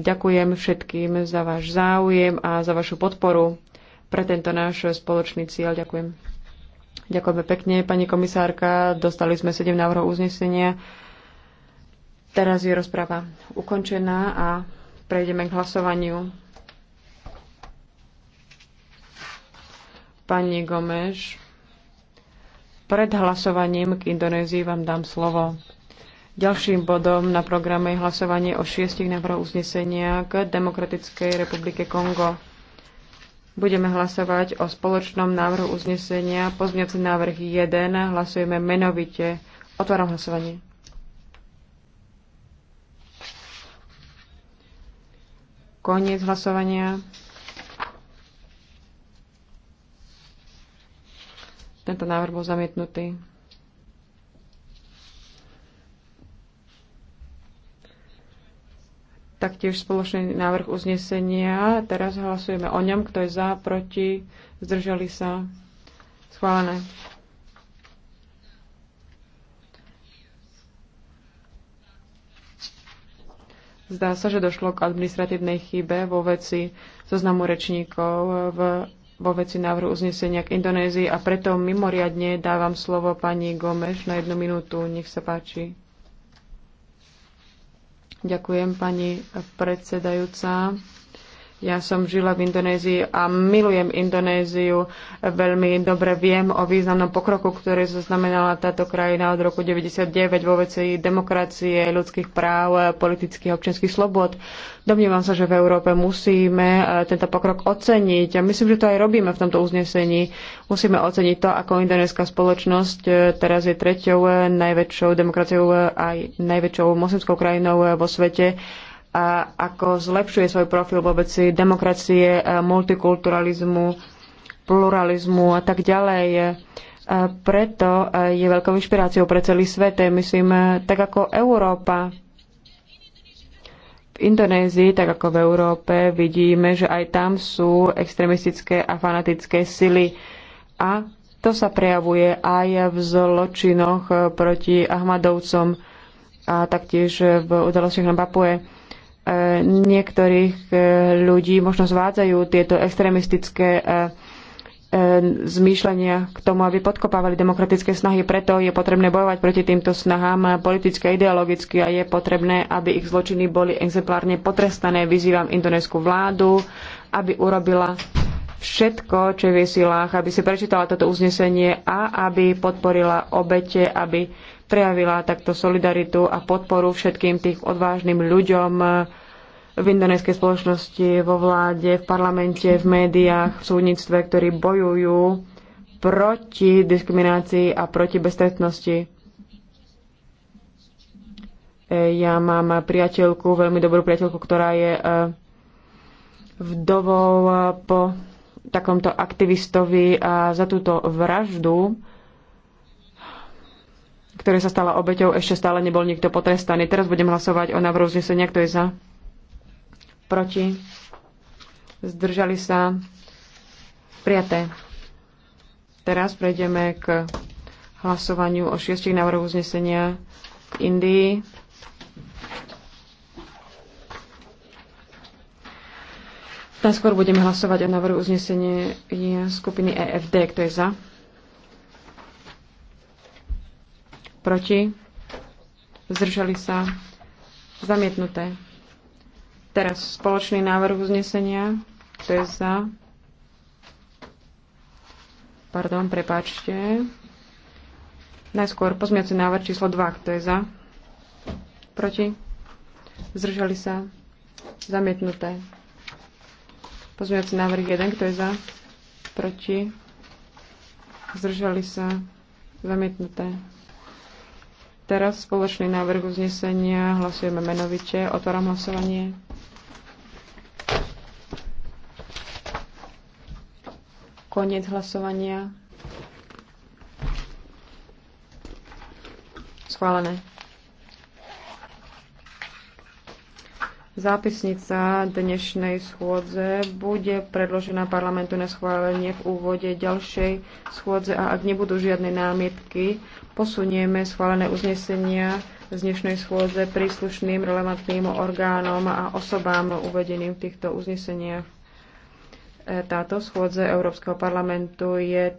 Ďakujem všetkým za váš záujem a za vašu podporu pre tento náš spoločný cieľ. Ďakujem. Ďakujeme pekne, pani komisárka. Dostali sme 7 návrhov uznesenia. Teraz je rozpráva ukončená a prejdeme k hlasovaniu. Pani Gomeš, pred hlasovaním k Indonézii vám dám slovo. Ďalším bodom na programe je hlasovanie o šiestich návrhoch uznesenia k Demokratickej republike Kongo. Budeme hlasovať o spoločnom návrhu uznesenia. Pozmiaci návrh 1. Hlasujeme menovite. Otváram hlasovanie. Koniec hlasovania. Tento návrh bol zamietnutý. taktiež spoločný návrh uznesenia. Teraz hlasujeme o ňom, kto je za, proti, zdržali sa. Schválené. Zdá sa, že došlo k administratívnej chybe vo veci zoznamu rečníkov v, vo veci návrhu uznesenia k Indonézii a preto mimoriadne dávam slovo pani Gomeš na jednu minútu. Nech sa páči. Ďakujem, pani predsedajúca. Ja som žila v Indonézii a milujem Indonéziu. Veľmi dobre viem o významnom pokroku, ktorý zaznamenala táto krajina od roku 99 vo veci demokracie, ľudských práv, politických a občianských slobod. Domnívam sa, že v Európe musíme e, tento pokrok oceniť a myslím, že to aj robíme v tomto uznesení. Musíme oceniť to, ako indonéska spoločnosť e, teraz je treťou e, najväčšou demokraciou aj najväčšou moslimskou krajinou vo svete a ako zlepšuje svoj profil vôbec demokracie, e, multikulturalizmu, pluralizmu a tak ďalej. E, preto e, je veľkou inšpiráciou pre celý svet. Myslím, tak ako Európa v Indonézii, tak ako v Európe, vidíme, že aj tam sú extremistické a fanatické sily. A to sa prejavuje aj v zločinoch proti Ahmadovcom a taktiež v udalostiach na Papue E, niektorých e, ľudí možno zvádzajú tieto extrémistické e, zmýšľania k tomu, aby podkopávali demokratické snahy. Preto je potrebné bojovať proti týmto snahám politicky a ideologicky a je potrebné, aby ich zločiny boli exemplárne potrestané. Vyzývam indonésku vládu, aby urobila všetko, čo je v jej silách, aby si prečítala toto uznesenie a aby podporila obete, aby prejavila takto solidaritu a podporu všetkým tých odvážnym ľuďom v indonéskej spoločnosti, vo vláde, v parlamente, v médiách, v súdnictve, ktorí bojujú proti diskriminácii a proti bezstretnosti. Ja mám priateľku, veľmi dobrú priateľku, ktorá je eh, vdovou po takomto aktivistovi a za túto vraždu ktoré sa stala obeťou, ešte stále nebol nikto potrestaný. Teraz budem hlasovať o návrhu znesenia. Kto je za? Proti? Zdržali sa? Prijaté. Teraz prejdeme k hlasovaniu o šiestich návrhu uznesenia k Indii. Najskôr budeme hlasovať o návrhu uznesenia skupiny EFD. Kto je za? proti, zdržali sa, zamietnuté. Teraz spoločný návrh uznesenia, kto je za, pardon, prepáčte, najskôr pozmiaci návrh číslo 2, kto je za, proti, zdržali sa, zamietnuté. Pozmiaci návrh 1, kto je za, proti, zdržali sa, zamietnuté. Teraz spoločný návrh uznesenia. Hlasujeme menovite. Otváram hlasovanie. Koniec hlasovania. Schválené. Zápisnica dnešnej schôdze bude predložená parlamentu na schválenie v úvode ďalšej schôdze a ak nebudú žiadne námietky, posunieme schválené uznesenia z dnešnej schôdze príslušným relevantným orgánom a osobám uvedeným v týchto uzneseniach. E, táto schôdze Európskeho parlamentu je